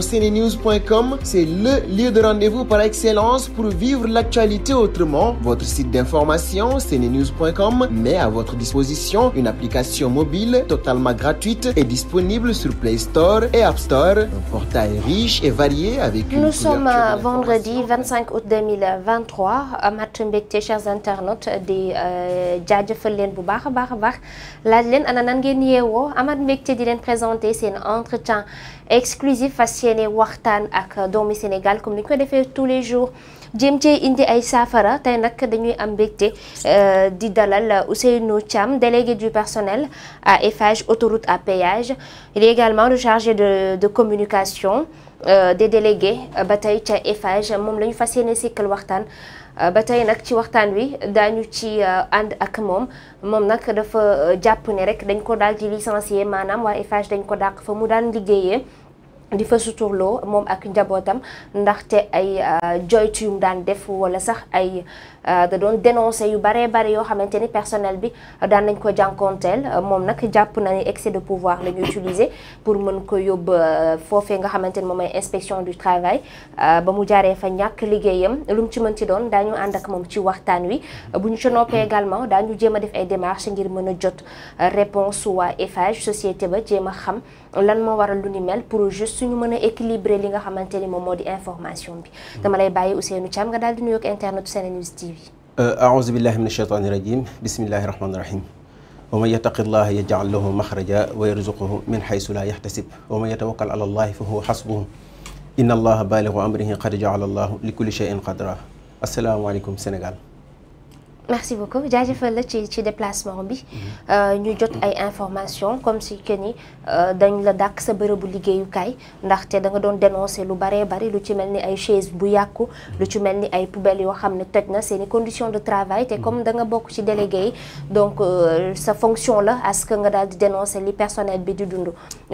cnenews.com, c'est le lieu de rendez-vous par excellence pour vivre l'actualité autrement. Votre site d'information, cnenews.com, met à votre disposition une application mobile totalement gratuite et disponible sur Play Store et App Store. Un portail riche et varié avec une Nous sommes vendredi 25 août 2023. à Mbégte, chers internautes, des euh, jaajëfal bu Ladlen Ananangé baax a d'y ana entretien exclusif fas yéene waxtaan ak Domi Sénégal comme ni le ko tous les jours jéem cee indi ay saafara tey nag dañuy am didalal euh, di dalal Ousseynou Thiam délégué du personnel à Eiffage autoroute à péage il est également le chargé de de communication euh, des délégués euh, ba tey ca Eiffage moom la ñu fas yéene sikkal bataille nak ci waxtaan wi dañu ci and ak mom mom nak dafa japp ne rek dañ ko dal di licencier maanaam waa Eiffage dañ ko dak fa mu daan liggéeyee di fa suturloo mom ak njabotam ndaxte ay euh, joytu yum daan def wala sax ay euh, da don dénoncer yu bare bare yo xamanteni personnel bi daan nañ ko jankontel mom nak japp na ni excès de pouvoir lañu utiliser pour mën ko yob euh, fofé nga xamanteni momay inspection du travail ba mu jaaree fa ñak ligéyam lu ci mën ci don dañu and ak mom ci waxtaan wi buñu ci également dañu jema def ay démarches ngir mën jot réponse waa Eiffage société ba jema xam lan mo waral lu ni mel pour juste suñu mëna équilibrer li nga xamanteni mom modi information bi dama lay bàyyi Ousseynou Cham nga dal di ak internet SeneNews TV euh, aouzu billahi minash ashaytani rajim bismillahir rahmanir rahim wa may yattaqi yaj'al lahu maxraja wa yarzuquhu min haythu la yahtasib wa may yatawakkal ala allahi fa huwa hasbuh inna allaha balighu amrihi qad ja'ala allahu li kulli shay'in qadra alaykum Sénégal merci beaucoup J'ai fait le ci déplacement bi mhm. euh, ñu jot ay information comme si que ni euh, dañ la dàkk sa bërëbu liggéeyukaay ndaxte da nga doon dénoncer lu baree bari lu ci mel ni ay chaise bu yàqu lu ci mel ni ay poubelles yoo xam ne toj na seeni conditions de travail te mhm. comme da nga bokk ci délégué yi donc euh, sa fonction là, à ce que nga daal di dénoncer li personnel bi di dund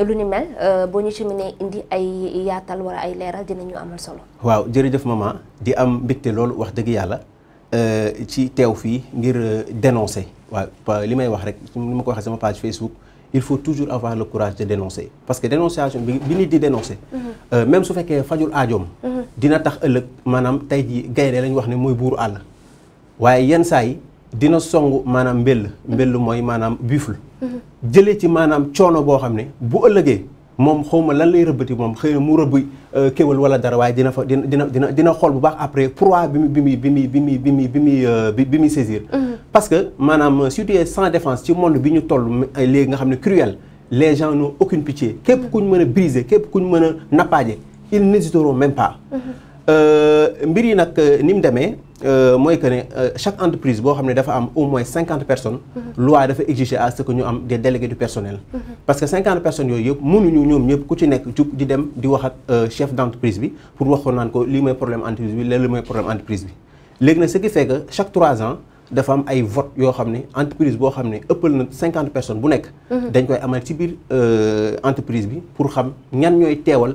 lu ni mel boo ñu ci mënee indi ay yaatal wala ay leeral dinañu amal solo waaw jërëjëf maman di am mbégte loolu wax dëgg yàlla euh, ci euh, dénoncer wa ma Facebook il faut toujours avoir le courage de dénoncer parce que dénonciation bi dénoncer. Mhm. Euh, même su fajul aajoom. Mhm. dina tax ëllëg manam ne dina song manam madame buffle. Mhm. ci manam mom xawma lan lay rebeuti mom xeyna na mu rëbb euh, kéwal wala dara way dina dina dina dina xol bu baax après proie bi mu bi muy bi muy bi muy bi muy bi euh, saisir mhm. parce que manam si tu es sans défense ci monde bi ñu toll les nga xam cruel les gens n'ont aucune pitié kep kuñ meuna briser kep kuñ meuna mën ils n'hésiteront même pas mhm. Euh, mbir yi nag euh, ni mu demee euh, mooy que chaque entreprise bo xam dafa am au moins 50 personnes. Mhm. loi dafa exiger à ce que ñu am des délégués du personnel. Mhm. parce que 50 personnes yooyu mënu ñu ñom ñep ku ci nek di dem di wax ak chef d'entreprise bi pour waxo nan ko li moy problème entreprise bi le léeg mooy problème entreprise bi. léegi nag ce qui fait que chaque 3 ans dafa am ay vote yo xam entreprise bo xam eppal na 50 personnes bu nek mhm. dañ koy amal ci bir euh entreprise bi pour xam ñan ñoy téwal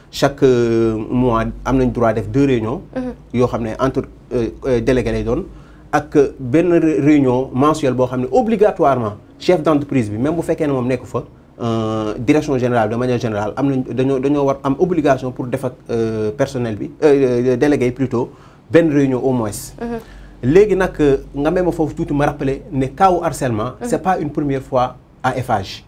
chaque euh, mois a le droit faire deux réunions. Mm-hmm. entre euh, euh, délégués lay doon ak une réunion mensuelle obligatoirement chef d'entreprise même si fekkee ne moom nekk direction générale de manière générale am nañ dañoo obligation pour def personnel délégué plutôt une réunion au moins. Mm-hmm. léegi que, je may ma me tuuti que rappeler cas au harcèlement. Mm-hmm. c'est pas une première fois à FH.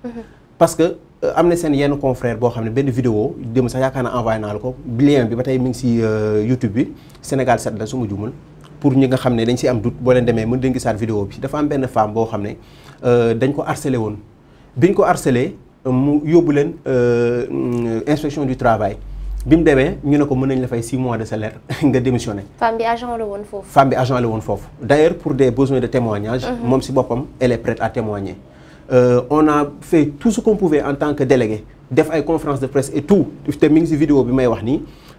parce que euh, am sen yenn confrère bo xamné ben vidéo dem sax yaakaar naa envoyé naa la ko lien bi batay tey mi ngi si euh, YouTube bi Sénégal set la su djumul pour ñi nga xamné dañ ci am doute bo leen démé mën dañ gisaat vidéo bi dafa am ben femme bo xamné euh dañ ko harceler won biñ ko harceler mu yóbbu euh inspection du travail bim mu ñu ne ko mën nañ la fay 6 mois de salaire nga démissionné. femme bi agent la won foofu. femme bi agent la won foofu d'ailleurs pour des besoins de témoignage mom mhm. si bopam elle est prête à témoigner. Euh, on a fait tout ce qu'on pouvait en tant que délégué def ay conférence de presse et tout te mi ngi ci vidéo bi may wax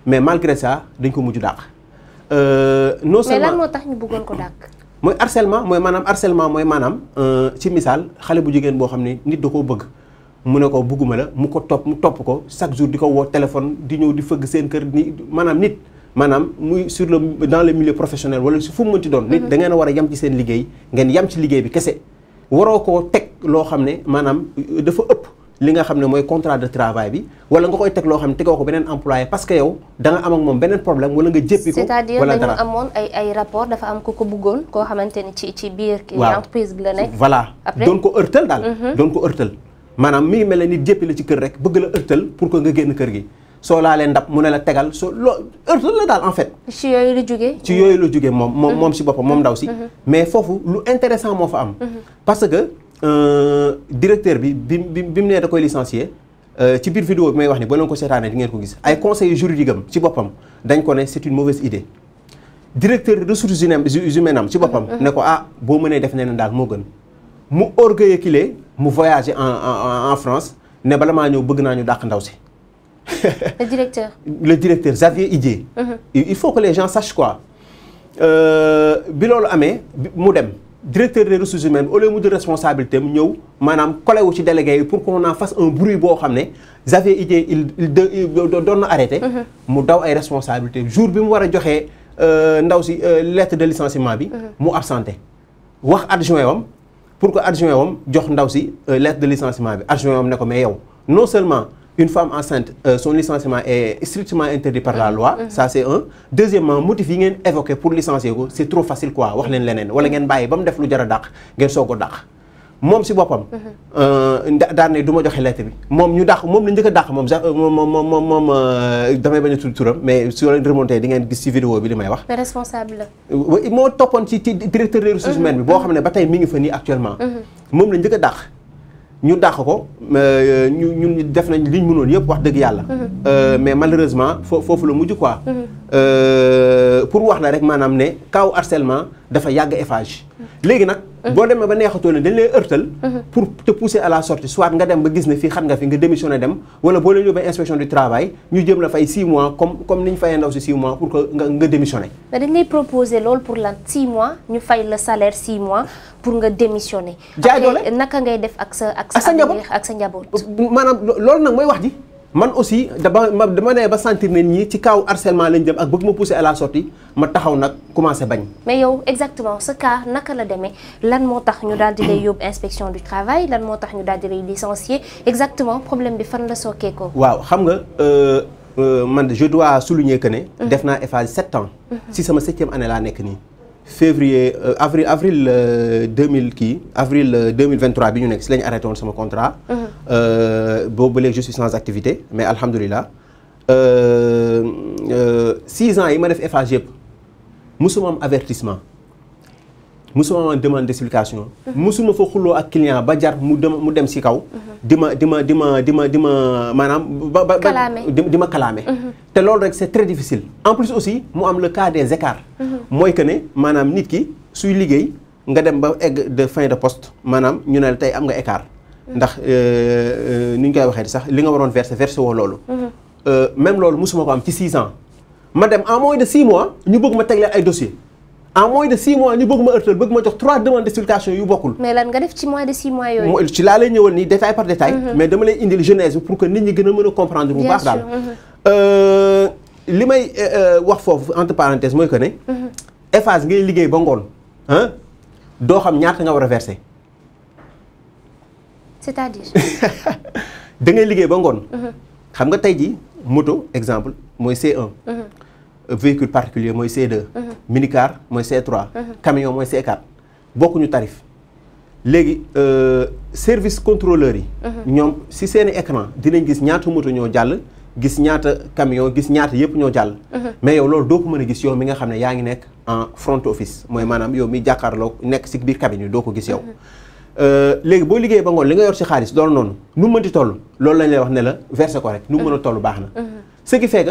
mais malgré ça dañ ko mujj dàq. Euh, non seulement mais lan moo tax ñu harcèlement mooy maanaam harcèlement mooy maanaam euh, ci misal, xale bu jigen bo xam nit dako koo bëgg mu ne ko bëgguma la mu ko top mu top ko chaque jour diko wo téléphone di ñeu di feug seen kër ni manam. nit. maanaam muy sur le dans le milieu professionnel wala su fu mu mënti don nit mhm. da ngeen wara yam ci seen liggéey ngeen yam ci liggéey bi kessé waroo koo teg loo xam ne maanaam dafa ëpp li nga xam ne mooy contrat de travail bi wala nga koy teg loo xam ne tegoo ko beneen employé parce que yow da nga am moom beneen problème wala nga jéppi ko. wala dara c'est-à-dire dañu amoon am ku ko bëggoon koo xamante ni ci ci biir. waaw entreprise bi la nekk. voilà doon ko ërtal daal. Mm-hmm. doon ko ërtal maanaam mi ngi mel ne nit jéppi la ci kër rek bëgg la ërtal pour que nga génn kër gi. soo laalee ndab mu ne la tegal so loo heurte la dal en fait. ci yooyu la jógee. ci yooyu la jógee mom mom mhm. moom si boppam moom ndaw ci mhm. mais fofu lu intéressant mo fa am. Mhm. parce que euh directeur bi bi bi bi da koy licencier euh, ci biir vidéo bi may wax ni bo leen ko sétane di ngeen ko guiss ay conseil juridique ci bopam dañ ko né c'est une mauvaise idée. directeur ressources humaines am ci bopam né ko ah boo mënee def néna dal mo gën. mu orgueilleux qu'il est mu voyager en en en France né bala maa ñëw bëgg naa ñu dàq ndaw ci le directeur. le directeur, Xavier idée. Mhm. Il faut que les gens sachent quoi. Euh, bi Amé, le directeur des ressources humaines au lieu de responsabilité mu délégué pour qu'on en fasse un bruit pour Xavier Idié, il il doon il arrêté. Mhm. mu daw ay responsabilité jour où mu suis a euh, ndaw euh, lettre de licenciement bi. Mhm. mu absenté wax adjoint wam pour que adjoint wam jox ndaw euh, lettre de licenciement bi adjoint wam ne ko mais non seulement une femme enceinte euh, son licenciement est strictement interdit par la loi mm-hmm. ça c'est un deuxièmement motif que pour licencier c'est trop facile quoi si mm-hmm. euh, lettre bi ñu la euh, damay mais di gis vidéo bi responsable ci mm-hmm. bi mi ngi actuellement ñu dàq ko euh, ñu ñun def nañ liñ mënon yépp wax dëgg yàlla. Mhm. Euh, mais malheureusement fofu la muju quoi. Mhm. Euh, pour wax la rek manam né kaw harcèlement dafa yag Eiffage léegi nag boo demee ba neexatoo leen dañ lay pour te pousser à la sortie soit nga dem ba gis ne fii xat nga fi nga démissionné dem wala inspection du travail ñu jëm la fay 6 mois comme comme ni fait ndaw 6 mois pour que nga nga démissionné dañ lay proposé pour 6 mois ñu fay le salaire 6 mois pour nga démissionné jaay doole naka ngay def ak sa ak sa ce que sa njaboot maanaam wax man aussi dama dama ne ba sentir né ni ci kaw harcèlement lañ dem ak bëgg ma pousser à la sortie ma taxaw nak commencé bañ. mais yow exactement ce cas naka la démé lan mo tax ñu dal di lay yob inspection du travail lan mo tax ñu dal di lay licencier exactement problème bi fan la sookee ko. waaw xam nga euh, euh man je dois souligner que né mm. def naa Eiffage sept ans. Mm-hmm. si sama 7e année la nek ni février euh, avril avril 2000 euh, qui avril 2023 biñu nek nekk si la arrêté woon sama contrat. Euh, boobu ba léegi je suis sans activité mais euh, six ans yi ma def FAGEP yëpp musuma am avertissement mosuma demande d'explication musuma mhm. fa xuloo ak client ba jar mu dem mu dem si kaw dima dima dima dima dima manam dima ma té lool rek c'est très difficile en plus aussi mu am le cas des écarts moy mhm. que né manam nit ki suy liggéey nga dem ba egg de fin de poste manam ñu ne tay am nga écart mhm. ndax euh, euh, ni ñu koy waxé sax li nga waroon verser verser woo euh même lool musuma ko am ci 6 ans ma dem en moins de 6 mois ñu bëgg ma teg ay dossier en moins de 6 mois nous bëgg ma 3 demandes d'explication yu mais lan nga def moins de 6 mois ne ci pas lay détail par détail. Mhm. mais vous lay une genèse pour que nit ñi gën comprendre. entre parenthèses c'est que mhm. ba ah xam nga reverser. c'est-à-dire. da ngay liggéey ba ngoon. Mhm. moto exemple c'est C1 véhicule particulier mooy C2. Uh-huh. minicar mooy C3. Uh-huh. camion mooy C4 bokkuñu tarif. léegi euh, service contrôleur yi. Uh-huh. ñoom si seen i écran dinañ gis ñaata moto ñoo jàll. gis ñaata camion gis ñaata yépp ñoo jall mais yow loolu doo ko mën a gis yow mi nga xam ne yaa ngi nekk en front office mooy maanaam yow mi jàkkaarloo nekk si biir cabine yi doo ko gis yow. Euh, léegi boo liggéeyee ba ngoon li nga yor si xaalis doon noonu nu mu mënti toll loolu lañ lay wax ne la verse correct nu mu mën a toll baax na. ce qui fait que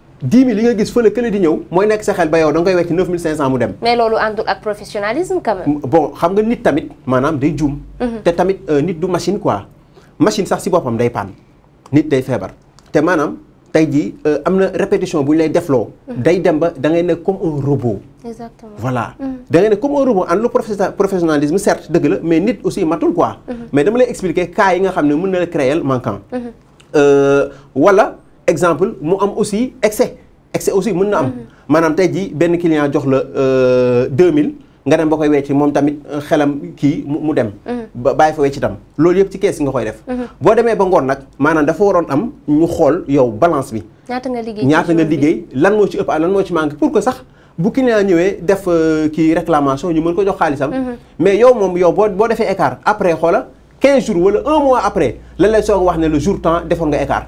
10 000, yi nga gis fële kële di ñëw mooy nekk sa xel ba mais professionnalisme quand même. bon tamit day mhm. tamit euh, nit du machine quoi machine sax si boppam day panne nit day sont euh, répétition lay mhm. day dem ba comme un robot. exactement voilà. Mhm. da ngay comme un robot Le professionnalisme certes mais mais aussi quoi. mais expliquer exemple mu am aussi excès excès aussi mën na am manam tey jii benn client jox la 2000 euh, nga dem ba koy wecc tamit euh, xelam ki mu dem mhm. ba bàyyi fa wecc tam loolu yépp ci caisse nga koy def mhm. bo démé ba ngor nak manam dafa waroon am ñu xol yow balance bi ñaata nga liggéey ñaata nga liggéey lan mo ci ëpp lan mo ci manqué pour que sax bu client ñëwé def euh, ki réclamation ñu mën ko jox xaalisam mhm. mais yow mom yow bo boo defee écart après xola 15 jours wala 1 mois après la lay soog wax né le jour temps defoon nga écart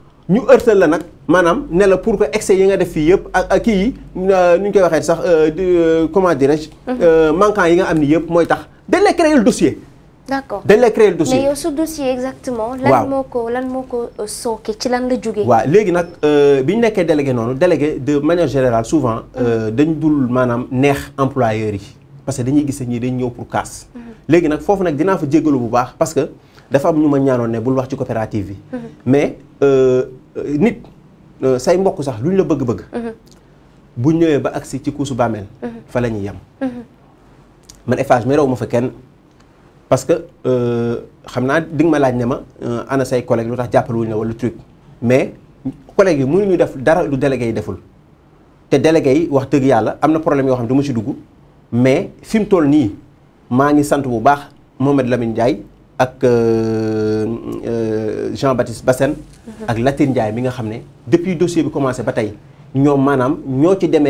ñu ërtal la nak manam ne la pour que excès yi nga def fi yëpp ak ak yi euh, nu ñu koy waxé sax euh, euh, comment dire mhm. euh manquant yi nga am ni yëpp moy tax dañ lay créer le dossier. d'accord dañ lay créer le dossier mais yow su dossier exactement. lan moko lan moko ko ci lan la jógee. wa légui nak euh ñu nekkee délégué nonu délégué de manière générale souvent mhm. euh dañ dul manam neex employeur yi parce que dañuy gis ñii dañ ñëw pour casse. Mhm. légui nak fofu nak dina fa jéggalu bu baax parce que. dafa am ñu ma ñaanoon ne bul wax ci coopérative bi. Mhm. mais euh, nit euh, say mbokk sax lu ñu la bëgg-bëgg. Mhm. bu ñëwee ba agsi ci kuusu bàmmeel. Mhm. fa la ñuy yem. man Eiffage mi raw ma fa kenn parce que euh, xam naa di nga ma laaj ne ma ana say collègue lu tax jàppaluwuñ la wala truc mais collègue yi mënuñu def dara lu délégué yi deful te délégué yi wax dëgg yàlla am na problème yoo xam ne du ma ci dugg mais fi mu toll nii maa ngi sant bu baax Mohamed Lamine Ndiaye. avec euh, euh, Jean-Baptiste Bassène mhm. ak Latine Ndiaye depuis nga depuis dossier commencé à batailler. nous dem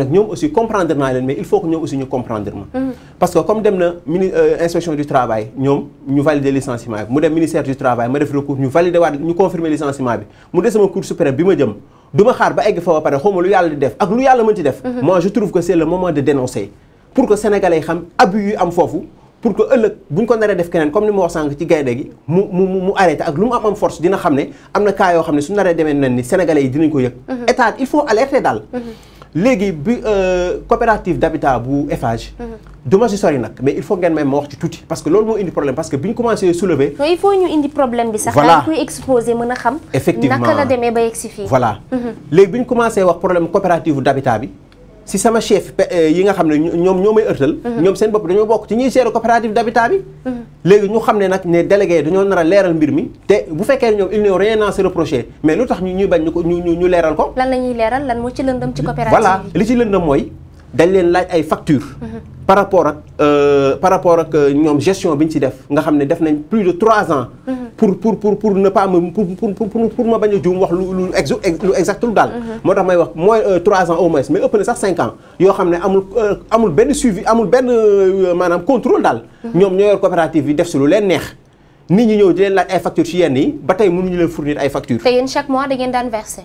ak mhm. aussi comprendre mais il faut que nous aussi mhm. parce que comme dem na euh, du travail nous valider licenciement ministère du travail nous valider nous licenciement nous mu des sama nous jëm moi je trouve que c'est le moment de dénoncer pour que sénégalais yi xam abus am foofu pour que ëllëg bu ñu ko naree def keneen comme ni ma wax sànq ci gaynde gi mu mu mu arrêté ak lu mu am am force dina xam ne am na cas yoo xam ne su naree demee ni sénégalais yi dinañ ko yëg. Mhm. état il faut alerter daal. Mhm. léegi euh, coopérative d'habitat bu Eiffage. Mhm. dommage histoire nak mais il faut ngeen même ma wax ci parce que loolu moo indi problème parce que buñ commencé soulever. non il faut ñu indi problème bi sax. voilà kuy exposé mëna xam. effectivement naka la demee ba yegg si voilà légui buñ commencé wax problème coopérative d'habitat bi. si sama chef yi nga xamne ñom ñomay eurtal ñom seen bop dañu bok ci ñi géré coopérative d'habitat bi légui ñu xamne nak ne délégué dañu nara léral mbir mi te bu féké ñom ñoom ils n'ont rien à se reprocher mais lutax ñu ñuy bañ ñu ñu léral ko lan lañuy léral lan mo ci lëndëm ci coopérative voilà li ci lëndëm moy dañ leen laaj ay facture par rapport ak euh, par rapport ak euh, ñoom gestion bi ñu ci def nga xam def nañ plus de trois ans. Mhm. pour pour pour pour ne pas me pour pour pour ma bañ a wax lu lu exact tout dal moi mhm. may wax euh, trois ans au moins mais ëpp na sax cinq ans yo xamné amul amul ben suivi amul ben manam contrôle dal mhm. ñom ñoo yor coopérative yi def si lu leen neex. nit ñi ñëw di leen la ay factures ci yenn yi ba mënu ñu leen fournir ay facture te chaque mois da ngeen daan verser.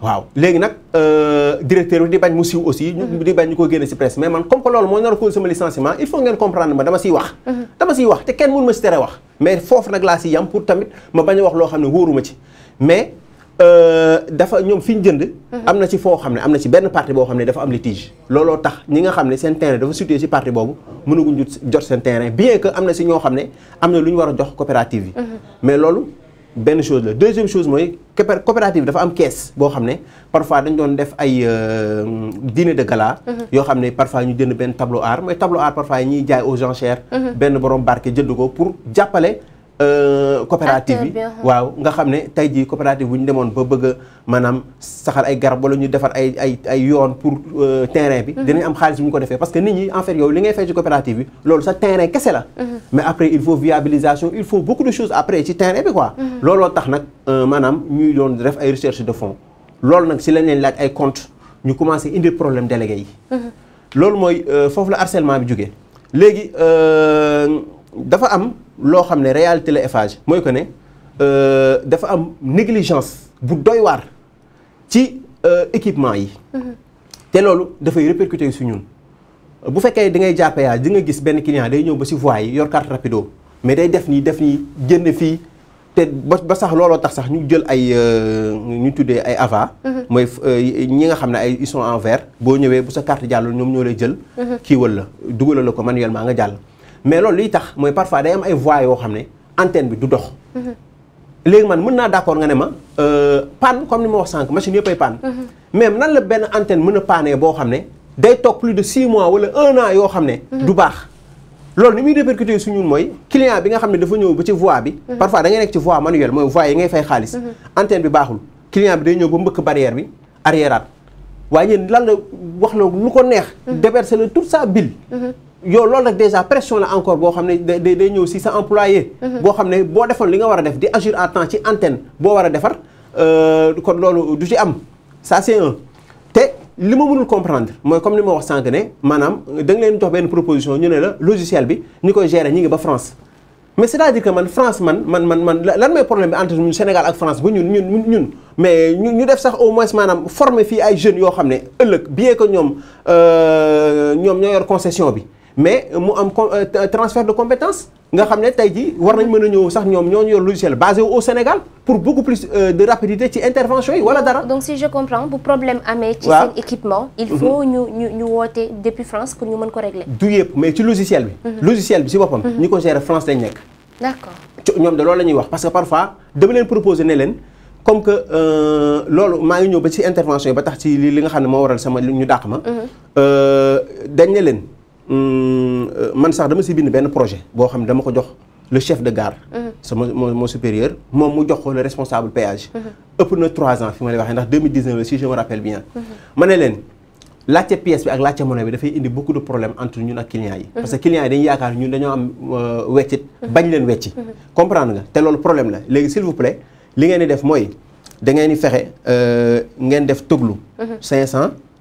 waaw léegi nag euh, directeur bi di bañ mu siiw aussi. Mm-hmm. di bañ ñu ko génne si presse mais man comme que loolu moo nar a cause sama licenciement il faut ngeen comprendre ma dama siy wax. Mm-hmm. dama siy wax te kenn mënu ma si tere wax. mais foofu nag laa si yam pour tamit ma bañ a wax loo xam ne wóoruma ci mais euh, dafa ñoom fi ñu jënd. Mm-hmm. am na ci foo xam ne am na ci benn parti boo xam ne dafa am litige. looloo tax ñi nga xam ne seen terrain dafa parti boobu mënaguñ jot seen terrain bien que am na si ñoo xam ne am na lu ñu war a jox coopérative yi. mais loolu. ben chose la deuxième chose moi coopérative dafa am caisse bo xamné parfois dañ doon def ay euh, dîner de gala. Mhm. yo xamné parfois ñu jënd ben tableau art mooy tableau art parfois ñi jaay aux enchères. ben borom barké jënd ko pour jappalé euh, coopérative uh-huh. waaw nga xamné ne tey coopérative bu démon ba bëgg manam saxal ay garab wala ñu défar ay ay ay yoon pour euh, terrain bi uh-huh. dinañ am xaalis bu ñu ko défé parce que nit ñi en fait yow li ngay fay ci coopérative bi loolu sa terrain kese la uh-huh. mais après il faut viabilisation il faut beaucoup de choses après ci terrain bi quoi looloo tax nak euh, manam ñuy doon def ay recherche de fonds loolu nak si lañ leen laaj ay compte ñu commencé indi problème délégué yi loolu moy fofu la harcèlement bi légui euh dafa am la réalité de réalité la ne euh, dafa négligence bu doy war ci euh, équipement yi. Mm-hmm. lolu da fay répercuter su ñun. bu féké da ngay jappé péage di nga gis client day ñëw ba voie yor carte rapido mais day def ni def ni génn fi té ba sax lolu tax sax ñu jël ay euh, ñu des ay ava moy mm-hmm. ñi nga ay ils sont en vert bo ñëwé bu sa carte jël. Mm-hmm. manuellement nga mais lolu liy tax moy parfois day am ay voix yo xamné antenne bi du dox. légui man mën naa d'accord nga ne ma euh, panne comme ni mo wax sank machine yëpp ay panne. même nan la ben antenne mën pané bo xamné day tok plus de 6 mois wala 1 an yo xamné du bax lolu ni muy répercuté su ñun mooy client bi nga xamné dafa ñëw ba ci voix bi. parfois da ngay nekk ci voix manuel moy voix yi ngay fay xaliss antenne bi baxul client bi day ñëw ba mbëkk barrière bi arrière aat waaye lan la wax la lu ko neex. Mm-hmm. déverser la toute sa bile. Mm-hmm yow loolu rek déjà pression la encore boo xam ne day day ñëw si sa employé. Mhm. boo xam ne boo defoon li nga war a def di agir à temps ci antenne boo war a defar euh, kon loolu du ci am ça c'est un te li ma comprendre mooy comme ni ma wax sànq ne maanaam da nga leen jox benn proposition ñu ne la logiciel bi ñu koy gérer ñu ngi ba France. mais c'est-à-dire que man France man man man man lan mooy problème entre nous Sénégal ak France ba ñun ñun mais ñu ñu def sax au moins maanaam former fii ay jeunes yo xam ne ëllëg bien que ñoom euh, ñoom ñoo yor concession bi mais mu am euh, transfert de compétences, nga xamné tay tey war nañ mëna a ñëw sax ñom ñoo yor logiciel basé au Sénégal pour beaucoup plus euh, de rapidité ci intervention yi wala dara. donc si je comprends pour problème amé ci sen équipement. il mhm. faut ñu ñu ñu depuis France pour ñu mën ko régler. du yépp mais ci logiciel bi. Mhm. logiciel bi ci bopam mhm. ñi ko gérer France lañ nek d'accord ñom de loolu nous wax parce que parfois dama leen proposer ne leen. comme que euh, loolu m'a ngi ñëw ba ci intervention ba tax ci li nga xamné mo waral sama ñu dàq ma. dañ leen. Hum, euh, man sax dama ci bind benn projet bo xam dama ko jox le chef de gare. Hum. sama mon supérieur mom mu jox ko le responsable péage. Hum. ëpp na 3 ans fi ma lay waxe ndax 2019 si je me rappelle bien. mané len leen laajte pièce bi ak laajte monnaie bi da fay indi beaucoup de problèmes entre ñun ak client yi. parce que client yi dañuy yaakaar ñun dañu am euh, weccit. bañ leen wecci. comprendre nga té lolu problème la légui s'il vous plaît li ngeen di def moy da ngeen di euh ngeen def toglu. 500.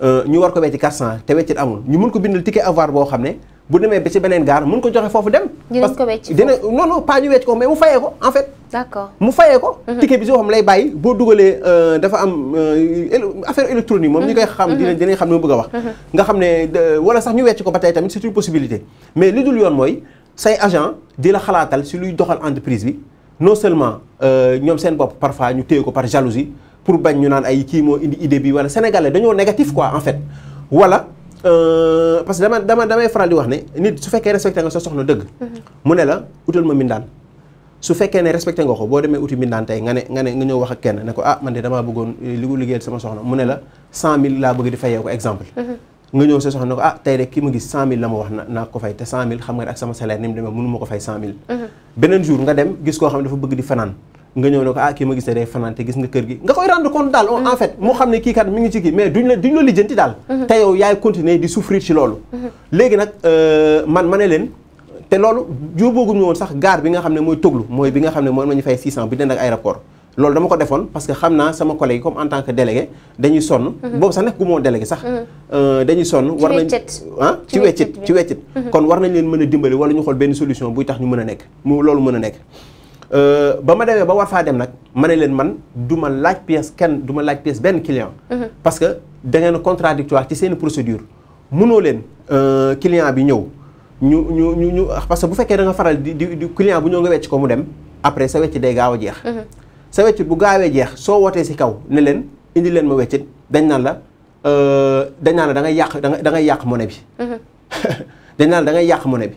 Euh, ñu war ko 400 nous avons amul ñu ticket avoir voir Nous avons bu des ba ci avons gare. mën ko Nous avons dem. non non pas ñu mais mu avons en fait. d'accord mu avons ko. Mhm. ticket bi Nous euh, avons euh, affaire électronique ñi koy xam mhm. xam c'est une possibilité mais yoon say agent di la entreprise non seulement parfois ñu ko par jalousie pour bañ ñu naan ay ki mo indi idée bi wala sénégalais dañoo négatif quoi en fait wala euh, parce que dama dama damay faral di wax ne nit su fekkee respecté nga sa soxna deug mhm. mu né la utal ma su ne respecté nga ko bo démé uti mbindaan tey nga nga né nga ñëw wax ak kenn né ko ah man de dama bëggoon eh, li ko liggéeyal sama mu la cent mille bëgg di ko exemple mhm. nga ñëw sa soxna ko ah tay rek ki ma gis 100000 la wax na ko fay té 100000 xam nga ak sama salaire n'im mënu moko fay 100000. Mhm. Benen jour nga dem gis ko xam dafa bëgg di nga ñëw ne ko ah kii ma gisee day fanaan te gis nga kër gi nga koy rendre compte daal en fait moo xam ne kii kat mi ngi ci kii mais duñ la la mhm. yaay continuer di souffrir ci loolu mhm. léegi nag euh, man ma ne leen te loolu jóobooguñu woon sax gaar bi nga xam ne mooy lu mooy bi nga xam ne moom la ñu fay 600 bi dend ak aéroport loolu dama ko defoon parce que xam naa sama collègue comme en tant que délégué dañuy sonn mhm. boobu sax nekk gu moo délégué sax euh, dañuy sonn war nañ ah ci weccit ci weccit kon war nañ leen mën a dimbali wala ñu xool benn solution buy tax ñu mën a nekk mu loolu mën a Euh, ba ma demee ba wafa dem nak ma ne man duma laaj pièce ken duma laaj pièce ben client. Mhm. parce que da ngeen contradictoire ci sen procédure mënoo leen euh, client bi ñew ñu ñu ñu parce que bu fekkee da nga faral di di client bu ñëw nga wécc ko mu dem après sa wécc day gaaw a jeex. Mhm. sa wécc bu gaawee jeex so woté ci kaw ne leen indi leen ma wécc dañ nan la euh dañ nan la da ngay yàq da ngay yàq moné bi. Mhm. dañ nan la da ngay yàq moné bi.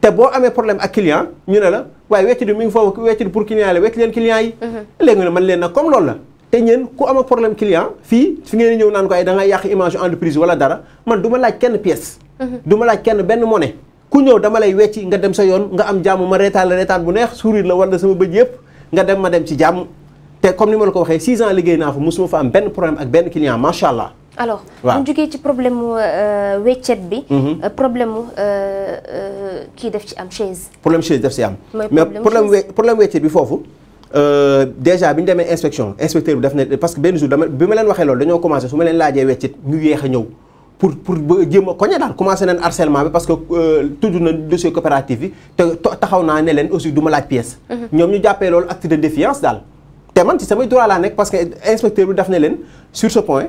te boo amee problème ak client ñu ne la waaye wecc di mi ngi foofu wecc di pour client la wecc leen client yi mhm. léegi nga ne man leen nag comme loolu la te ñeen ku am problème client fii fi ngeen ñëw naan ko ay da yàq image entreprise wala dara man du ma laaj kenn pièce mhm. du ma laaj kenn benn monnaie ku ñëw dama lay wecci nga dem sa yoon nga am jàmm ma reetaan la reetaan bu neex sourire la wala sama bëj yëpp nga dem ma dem ci jàmm te comme ni ma la ko waxee 6 ans liggéey naa fa mosuma alors bu jugee ci problème mu euh, weccet bi. Mhm. Euh, problème mu qui euh, def ci am chaise. problème chaise def si am. mais problème we problème weccet bi foofu. déjà bi ñu demee inspection inspecteur bi def na parce que ben jour dama bi ma leen waxee loolu dañoo commencé su ma leen laajee weccet ñu yéex a pour pour ba jéem a koñe daal commencé harcèlement parce que tudd na dossier coopérative bi te taxaw naa ne leen aussi du ma laaj pièce. Mhm. ñoom ñu jàppee loolu acte de défiance d'al te man ci samay droit la nekk parce que inspecteur bi daf ne leen sur ce point.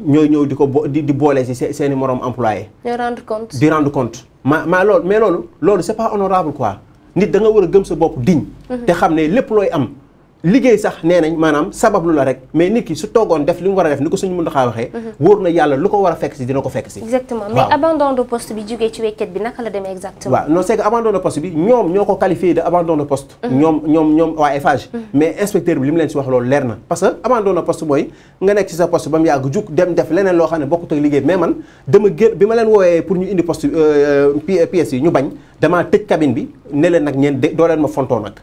ñooy ñëw di ko bo di boole si seen i morom employé. di rendre compte di rendre compte. ma ma loolu mais loolu loolu c'est pas honorable quoi nit danga war a gëm sa bopp diñ mm-hmm. te xam ne lépp looy am. liggéey sax nenañ manam maanaam sabablu la rek mais nit ki su togon def li wara def niko suñu mën a waxee mhm. wóor na yàlla lu ko war fekk si dina ko fekk ci exactement mais abandon de poste bi jugee ci wéket bi naka la demee exactement wa non c'est que abandon de poste bi ñom ñoko qualifier de abandon de poste mhm. ñom ñom ñom wa Eiffage mhm. mais inspecteur bi li leen ci wax loolu leer na parce que abandon de poste moy nga nekk ci sa poste bam mu yàgg dem def leneen lo xamné bokku tok ak mais man dama bima leen woyé pour ñu indi poste euh, euh, pièces yi ñu bañ dama tëj cabine bi ne leen nak ñeen do leen ma fonto nak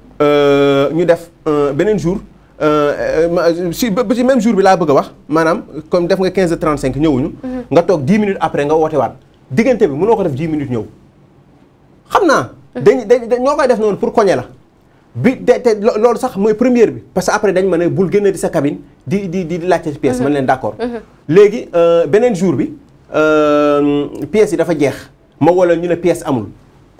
Euh, ñu def un euh, jour euh, si même jour comme 15 h 35 nous, nga fait mhm. 10 minutes après nous avons fait nous 10 minutes mhm. pour le la. c'est de parce que après dañ fait ne sa cabine di di pièce mhm. man d'accord un jour bi pièce yi dafa pièce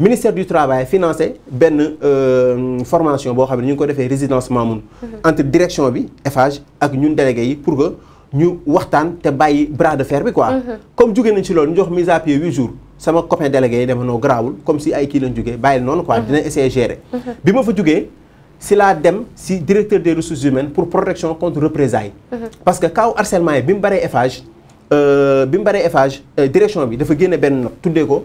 ministère du travail financé euh, formation boo xam ne ñu ko résidence Mamoun mhm. entre direction bi Eiffage ak ñun délégué yi pour que ñu waxtaan te bàyyi bras de fer bi quoi mhm. comme jóge nañ ci loolu ñu mise à pied huit jours sama copain délégué yi dama noo comme si ay kii lañ jógee non noonu quoi mhm. dina essayer gérer bi ma fa c'est si laa dem si directeur des ressources humaines pour protection contre représailles parce que kaw harcèlement yi FH, mu FH Eiffage euh, euh, direction bi dafa génne benn note tuddee ko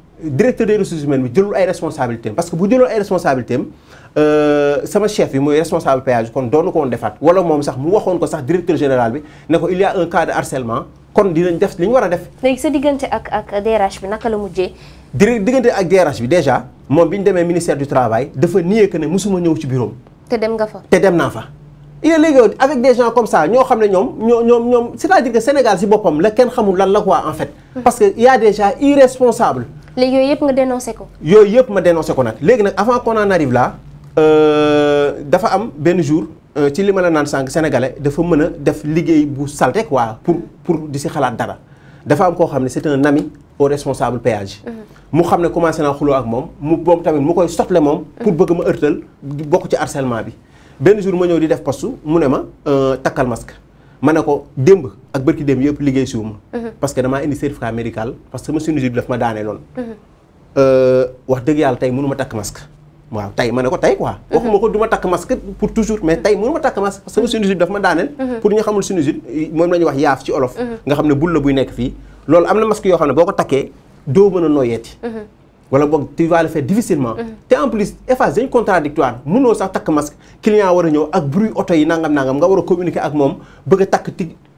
directeur des ressources humaines bi jëlul ay responsabilités parce que bu jëloon ay responsabilités euh, sama chef bi mooy responsable péage kon il ko donné defaat wala moom sax mu waxoon ko sax directeur général bi ko il y a un cas de harcèlement kon il def fait ce qu'il a def. léegi sa diggante ak ak DRH bi naka la mujjee. diggante ak DRH bi déjà moom bi ñu ministère du travail dafa nié que ne mosuma ñëw ci bureau te dem nga fa te dem naa fa. yooyu léegi avec des gens comme ça ñoo xam ne c'est-à-dire que Sénégal si boppam la kenn xamul lan la quoi en fait. Hum. parce que il y a des gens irresponsables. Les dénoncé ko. dénoncé avant qu'on arrive là euh, dafa am jour euh, sénégalais dafa a quoi pour pour di la dara dafa c'est un ami au responsable péage. Mhm. mu xam commencé à faire ak pour mhm. bëgg ma ërtal bokk ci harcèlement bi benn jour ma ñëw di def faire mu euh, masque. ma ne ko démb ak bërki démb yëpp liggéey ma mhm. parce que damaa indi certificat médical parce que sama sinusite bi daf ma daanee mhm. euh, wax dëgg yàlla tey mënu ma takk masque waaw tey ma ne ko tey quoi mhm. waxuma ko du ma takk masque pour toujours mais tey mënu ma takk masque parce que sama sinusite bi daf ma daaneel pour ñu xamul sinusite moom la ñuy wax yaaf ci olof nga xam ne bul la buy nekk fii loolu am na masque yoo xam ne boo ko takkee doo mën a nooyeeti wala boog tu vas le faire difficilement. Mm-hmm. te en plus efface une contradictoire mënoo sax tak masque client war a ñëw ak bruit auto yi nangam nangam nga wara communiquer ak mom bëgg tak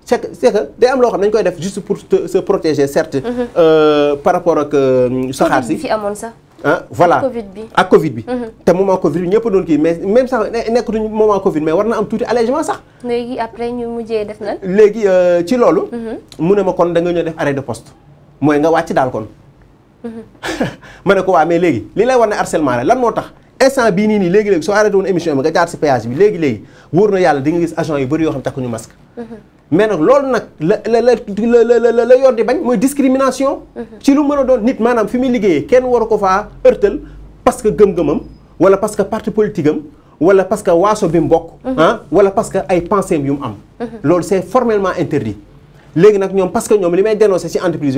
c'est que c'est day am lo xam dañ koy def juste pour se protéger certes. Mm-hmm. Euh, par rapport ak euh, saxar si amone ça hein voilà Covid Covid bi. Mm-hmm. te moment Covid bi ñëpp doon ki mais même sax nekkatuñu moment Covid mais warna am tuuti allègement sax. légui après ñu mujjé def nan. légui euh, ci lolu mu ne ma kon da nga ñu def arrêt de poste moy nga wacc dal kon. Je ne ko waa mais li lay war harcèlement lan moo tax instant bii nii nii léegi le soo arrêté woon le si péage bi di gis agent yu bëri a xam takkuñu masque mhm. mais nag la la la la di bañ discrimination mhm. ci a nit fi le ko faa parce que gëm-gëmam wala parce que parti politique ou parce que waaso bi mu bokk mhm. ah, parce que ay pensées yu am c'est formellement interdit légui parce que ñom limay dénoncé dénoncer ci entreprise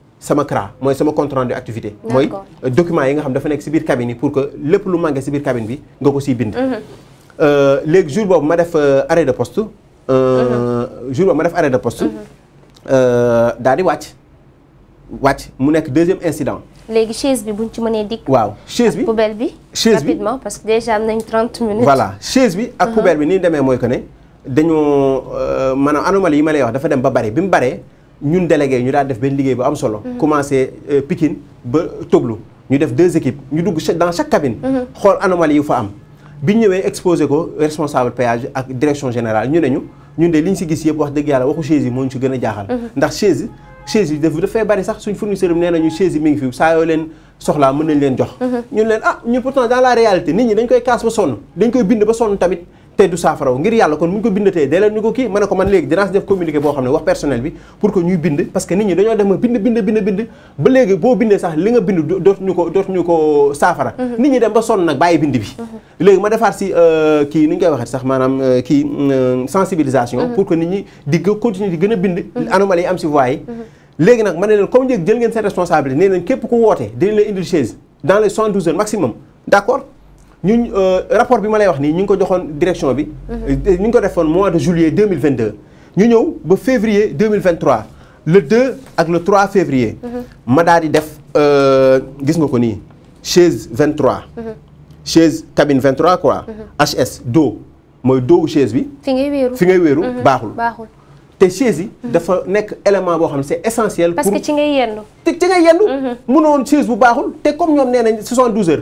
sama CRA mooy sama compte rendu activité. mooy euh, document yi nga xam dafa nek ci biir cabine pour que lepp lu mangé ci biir cabine bi nga ko ci bind. Mhm. euh léegi jour bobu euh, euh, mhm. ma def arrêt de poste. Mhm. euh jour bobu ma def arrêt de poste. euh di wàcc. wàcc mu nek deuxième incident. léegi chaise bi buñ ci mënee dik waaw chaise bi poubelle bi. chaise bi rapidement parce que déjà am nañ 30 minutes. voilà chaise bi ak poubelle bi ni démé moy que né dañu euh manam anomalie yi ma lay wax dafa dem ba bari bi mu ñun délégué ñu daal def benn liggéey bu am solo. Mm-hmm. commencé euh, Pikine ba Toglu ñu def deux équipes ñu dugg dans chaque cabine. Mm-hmm. xool anomalie yu fa am. bi ñu ñëwee exposé ko responsable péage ak direction générale ñu ne ñu ñun de li ñu si gis yëpp wax dëgg yàlla waxu chaise yi moo ñu si gën a jaaxal. Mm-hmm. ndax chaise chaise yi daf dafay bari sax suñ fournisseur bi nee chaise yi mi ngi fi saa yoo leen soxlaa mën nañ leen jox. ñun leen ah ñu pourtant dans la réalité nit ñi dañ koy casse ba sonn dañ koy bind ba sonn tamit té du safara ngir yalla kon muñ ko bindaté communiqué wax personnel bi pour que ñuy bind parce que nit ñi dañoo dem bind bind bind bind ba légui bo bindé sax li nga bind ko ko safara mhm. nit ñi dem ba son nak bind bi mhm. légui ma défar ci euh ñu euh, euh, sensibilisation mhm. pour que nit ñi continuer di gëna bind anomalie am ci voie légui comme responsabilité képp dans les 112 heures maximum d'accord le euh, rapport bi ma lay wax nii ñu ko direction bi. Mhm. ñu ko mois de juillet 2022. Nous vingt deux. ñu ba février 2023. le 2 ak le 3 février. Mhm. ma daal di def euh, gis nga ko chaise 23. Mhm. chaise cabine 23 quoi. HS dos mooy doowu chaise bi. fi ngay wéeru fi ngay wéeru chez baaxul. te chaise yi dafa élément c'est essentiel. parce que ci ngay yendu. te ci ngay yendu. mënoon chaise bu comme ñoom nee c'est 72 heures.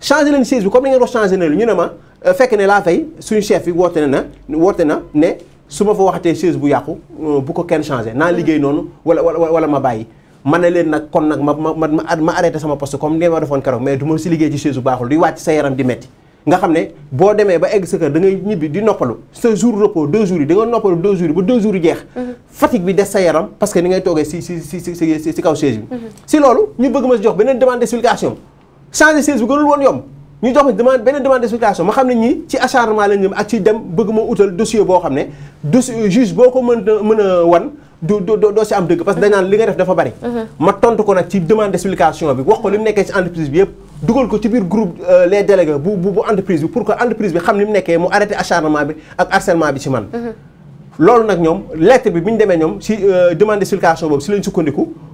changé leen siège bi comme ni ngeen wax changé na lu ñu ne ma euh, fekk ne laa fay suñu chef bi woote na woote na ne su ma fa waxatee siège bu yàqu euh, bu ko kenn changé naa liggéey mm. noonu wala wala ma bàyyi ma ne leen nag kon nag ma ma ma arrêté sama poste comme ngeen ma defoon keroog mais du ma si liggéey ci siège bu baaxul di wàcc sa yaram di metti nga xam ne boo demee ba egg sa kër ñibbi di noppalu sa jour repos deux jours yi da nga noppalu deux jours yi ba deux jours yi ñu bëgg ma jox beneen demande d'explication changer siège bi gënul woon yomb ñu jox ma demande beneen demande d'explication ma xam ne ñi ci acharnement lañ jëm ak ci dem bëgg ma utal dossier boo xam ne dossier juge boo ko mën mën a wan du doo si am dëgg parce que dañ li nga def dafa bari mhm. ma tontu ko nag ci demande d'explication bi wax ko li mu nekkee ci entreprise bi yëpp dugal ko ci biir groupe euh, les délégués bu bu entreprise bi pour que entreprise bi xam li mu nekkee mu arrêté acharnement bi ak harcèlement bi ci man mhm. loolu ñoom lettre bi bi ñu demee ñoom si euh, demande d'explication boobu si lañ sukkandiku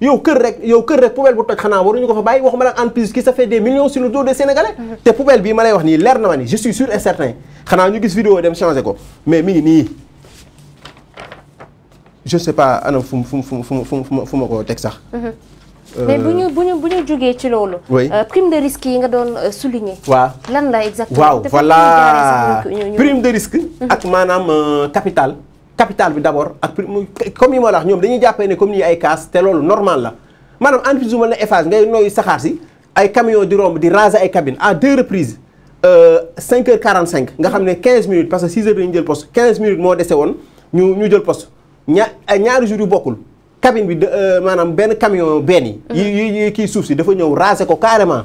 yow kër rek yow kër rek poubelle bu toj xanaa waruñu ko fa bàyyi waxuma la entreprise qui ça fait des millions sur le dos des sénégalais mhm. te poubelle bii ma lay wax nii leer na ni je suis sûr et certain xanaa ñu gis vidéo dem changé ko mais mi ni je sais pas anam fu mu fu mu fu mu fu ma ko teg sax mhm. euh, mais bu ñu bu ñu bu ci loolu. Euh, prime de risque yi nga doon euh, souligner. waaw lan la exactement. waaw voilà prime de risque. Mhm. ak maanaam capital capital bi d' ak comme yi ma la wax ñoom dañuy jappé né comme ni ay casse té lolu normal la maanaam entreprise bu mel ne ngay noy saxar si ay camion di romb di raser ay cabine à deux reprises euh 5h45 nga xamné 15 minutes parce que 6h dañu jël poste 15 minutes mo déssé won ñu ñu jël poste ña ñaari jours yu bokul cabine bi euh, maanaam ben camion ben yi yi yi souf suuf si dafa ñëw raser ko carrément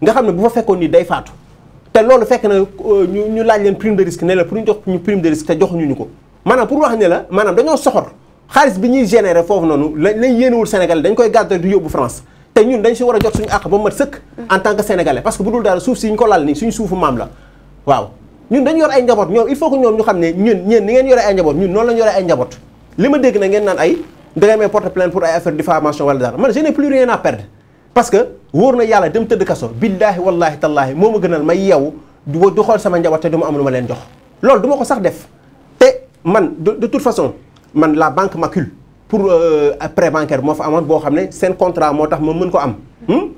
nga xamné bu fa fekkone ni day faatu té lolu fekk na euh, ñu ñu laaj leen prime de risque né la pour ñu jox ñu prime de risque té jox ñu ñuko manam pour wax la manam dañoo soxor bi ñi généré fofu nonu la lañ Sénégal dañ koy du France té ñun dañ ci wara jot suñu en tant que sénégalais parce que si ko lal ni suñu soufu mam la waaw ñun dañ yor ay il faut que ñoom ñu xamné ñun ñeen ni ngeen ay njabot ñun non lañ ay njabot lima dégg na ngeen naan plainte pour ay affaire diffamation wala je n'ai plus rien à perdre parce que wóor na yalla dem teud kaso billahi wallahi tallahi moma gënal may yow du xol sama njabot te duma am luma jox ko sax def man de de toute façon man la banque macule pour euh, prêt bancaire mo fa amone bo xamné ne contrat motax mo meun ko am. Hmm?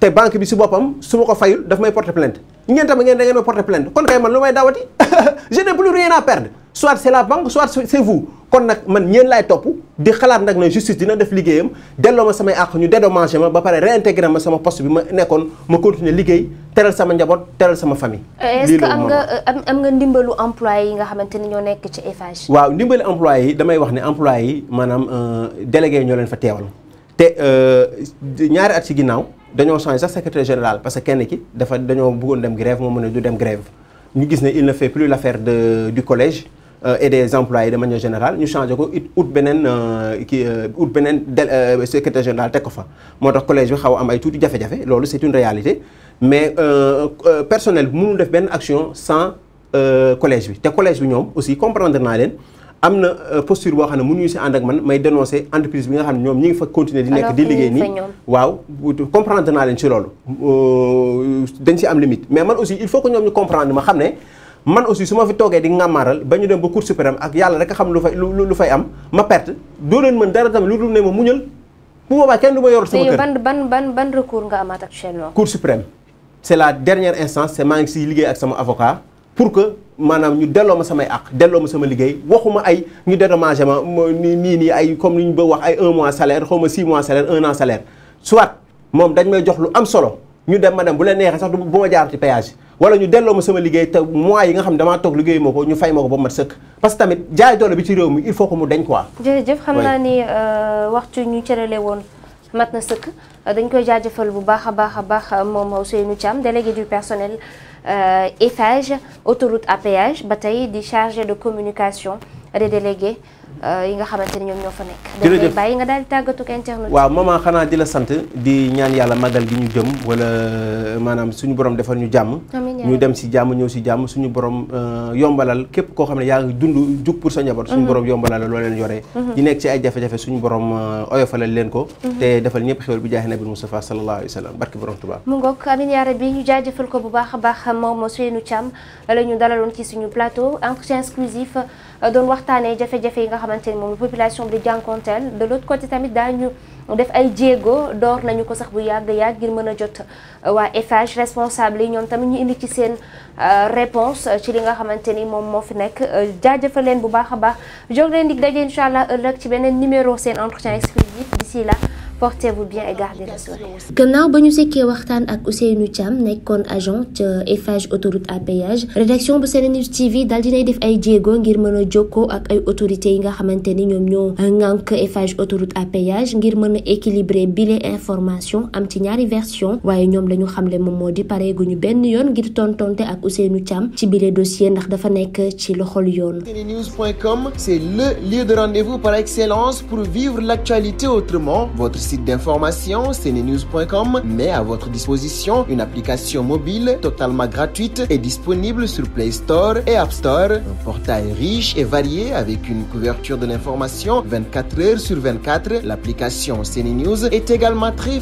te banque bi si bopam su ko fayul daf may porter plainte ngeen tamit ngeen da ngeen may porter plainte kon kay man lu may dawati je n'ai plus rien à perdre soit c'est la banque soit c'est vous kon nak man ñeen lay top di xalaat nak na justice dina def liggéeyam delloo sama samay àq ñu dédommagé ma ba paré réintégrer ma sama poste bi ma nekkoon ma continuer liggéey téral sama njabot téral sama famille. Euh, est-ce que am nga euh, am nga ndimbalu employé yi nga xamante ni ñoo nekk ci Eiffage. waaw ndimbalu employé yi damay wax ni employé yi maanaam euh, délégué yi ñoo leen fa teewal te ñaari at ci ginnaw dañoo changer sa secrétaire général parce que kenn ki dafa dañoo bëggoon dem grève mo mën du dem grève ñu gis ne il ne fait plus l'affaire de du collège. Euh, et des employés de manière générale nous changeons, ko benen euh, euh, secrétaire général collège c'est une réalité mais personnel nous action sans collège bi collège nous, aussi comprendre posture nous mënuñu ak man may dénoncer entreprise bi nga continuer comprendre mais aussi il faut que nous comprendre man aussi su ma fi toogee di ngàmmaaral ba ñu dem ba cour suprême ak yàlla rek xam lu fay lu fay am ma perte doo leen mën dara tamit lu dul ne ma muñal bu boobaa kenn du ma yor sama kër ban ban ban ban recours nga amaat c'est la dernière instance c'est maa ngi siy liggéey ak sama avocat pour que maanaam ñu delloo ma samay àq delloo ma sama liggéey waxuma ay ñu dédommagé ma nii nii nii ay comme ni ñu ba wax ay un mois salaire xaw ma six mois salaire un an salaire moom dañ may jox lu am solo ñu dem ma dem bu leen neexee sax du bu ma jaar ci péage wala ñu delloo ma sama liggéey te mois yi nga xam dama damaa toog liggéey ma ko ñu fay ma ko ba mat sëkk parce que tamit jaay doole bi ci réew mi il faut que mu dañ quoi. jërëjëf xam naa ni euh, waxtu ñu cërale woon mat na sëkk dañ koy jaajëfal bu baax a baax a baax moom Ousseynou Thiam délégué du personnel euh, Eiffage autoroute à péage ba tey di chargé de communication des délégués. Euh, yi nga xamante ni ñoom ñoo fa nekk. jërëjëf la sant di ñaan yàlla magal gi ñu jëm euh, ñu jàmm. ñu dem si jàmm ñëw si jàmm suñu borom euh, yombalal képp koo xam ne yaa ngi dund jug pour sa njaboot. suñu mhm. borom mhm. ko. Mhm. te defal ñëpp bu baax a baax moom Ousseynou Thiam la dalaloon ci suñu plateau entretien exclusif doon waxtaanee jafe-jafe yi nga xam population de l'autre côté tamit dañu def ay dor nañu ko sax bu gir meuna jot euh, responsable tamit ñu indi ci euh, réponse euh, ci li nga xamanteni mom mo fi nek bu jog leen ci numéro entretien exclusif d'ici là portez-vous bien et gardez la sourire. gannaaw bañu séké sekkee waxtaan ak Ousseynou Cham nekkoon agent ci Eiffage autoroute à péage rédaction bu Senenews TV dal dinay def ay djégo ngir mëna a ak ay autorités yi nga xamante ñom ñoo ngank Eiffage autoroute à péage ngir mëna a équilibrer bile information am ci ñaari version waye ñom lañu xamlé mom modi paré guñu pareeguñu benn yoon ngir tontonté ak Ousseynou Cham ci bile dossier ndax dafa nekk ci loxol yoon. Senenews.com c'est le lieu de rendez-vous par excellence pour vivre l'actualité autrement votre site d'information cnenews.com met à votre disposition une application mobile totalement gratuite et disponible sur Play Store et App Store. Un portail riche et varié avec une couverture de l'information 24 heures sur 24. L'application CNews est également très